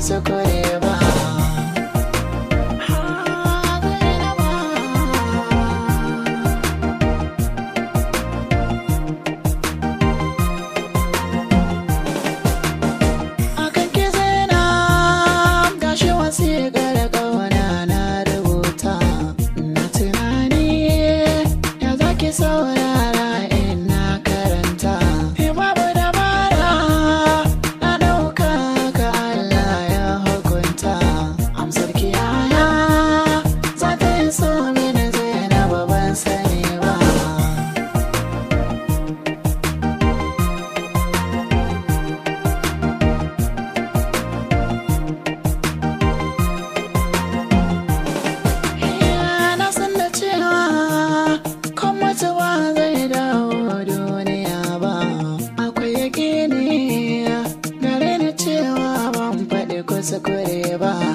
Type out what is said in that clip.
seu coreano. So good,